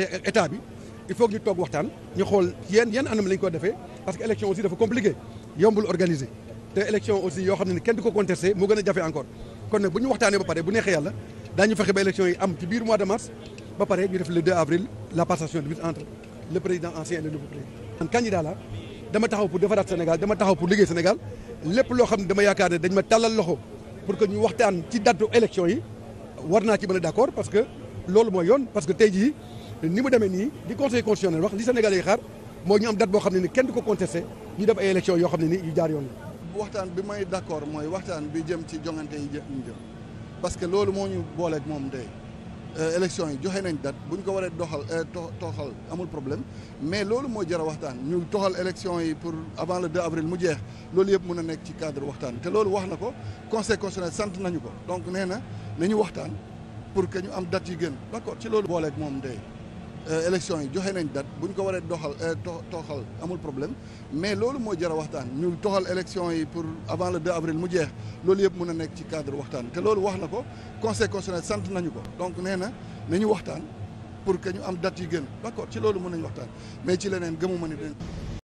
état état bi il faut que ñu toog waxtaan ñu xool yenn yenn anam la ñu defee parce que élection aussi dafa compliqué yombul organiser te élection aussi yoo xam ne kenn du ko contesté moo gën a jafe encore kon nag bu ñu waxtaanee ba pare bu neexee yàlla daañu fexe ba élection yi am ci biir mois de mars ba pare le 2 avril la passation de buts entre le président ancien le nouveau président. man candidat dama taxaw pour defaraat Sénégal dama taxaw pour liggéey a d'accord parce que loolu mooy ni mu demee nii di conseil constitutionnel wax li Sénégalais yi xaar mooy ñu am date boo xam ne ni kenn du ko contesté ñu def ay élections yoo xam ne ni yu jaar yoon la. waxtaan bi may d' mooy waxtaan bi jëm ci jongante yi parce que loolu moo ñu booleeg moom tey euh, élection yi joxe nañ date bu ñu ko waree doxal euh, toxal amul problème mais loolu moo jara waxtaan ñu toxal élection yi pour avant le 2 avril mu jeex loolu yëpp mën a nekk ci cadre waxtaan te loolu wax na ko conseil constitutionnel sant nañu ko donc nee na nañu waxtaan pour que ñu am dat yi gën d' accord ci loolu booleeg moom tey. Euh, élection yi joxe nañ date bu ñu ko waree doxal euh, toxal amul problème mais loolu moo jar a waxtaan ñu toxal élection yi pour avant le 2 avril mu jeex loolu yëpp mun a nekk ci cadre waxtaan te loolu wax na ko conseil constitutionnel sant nañu ko donc nee na nañu waxtaan pour que ñu am dat yi gën d'accord ci loolu mun nañu waxtaan mais ci leneen gëmuma ni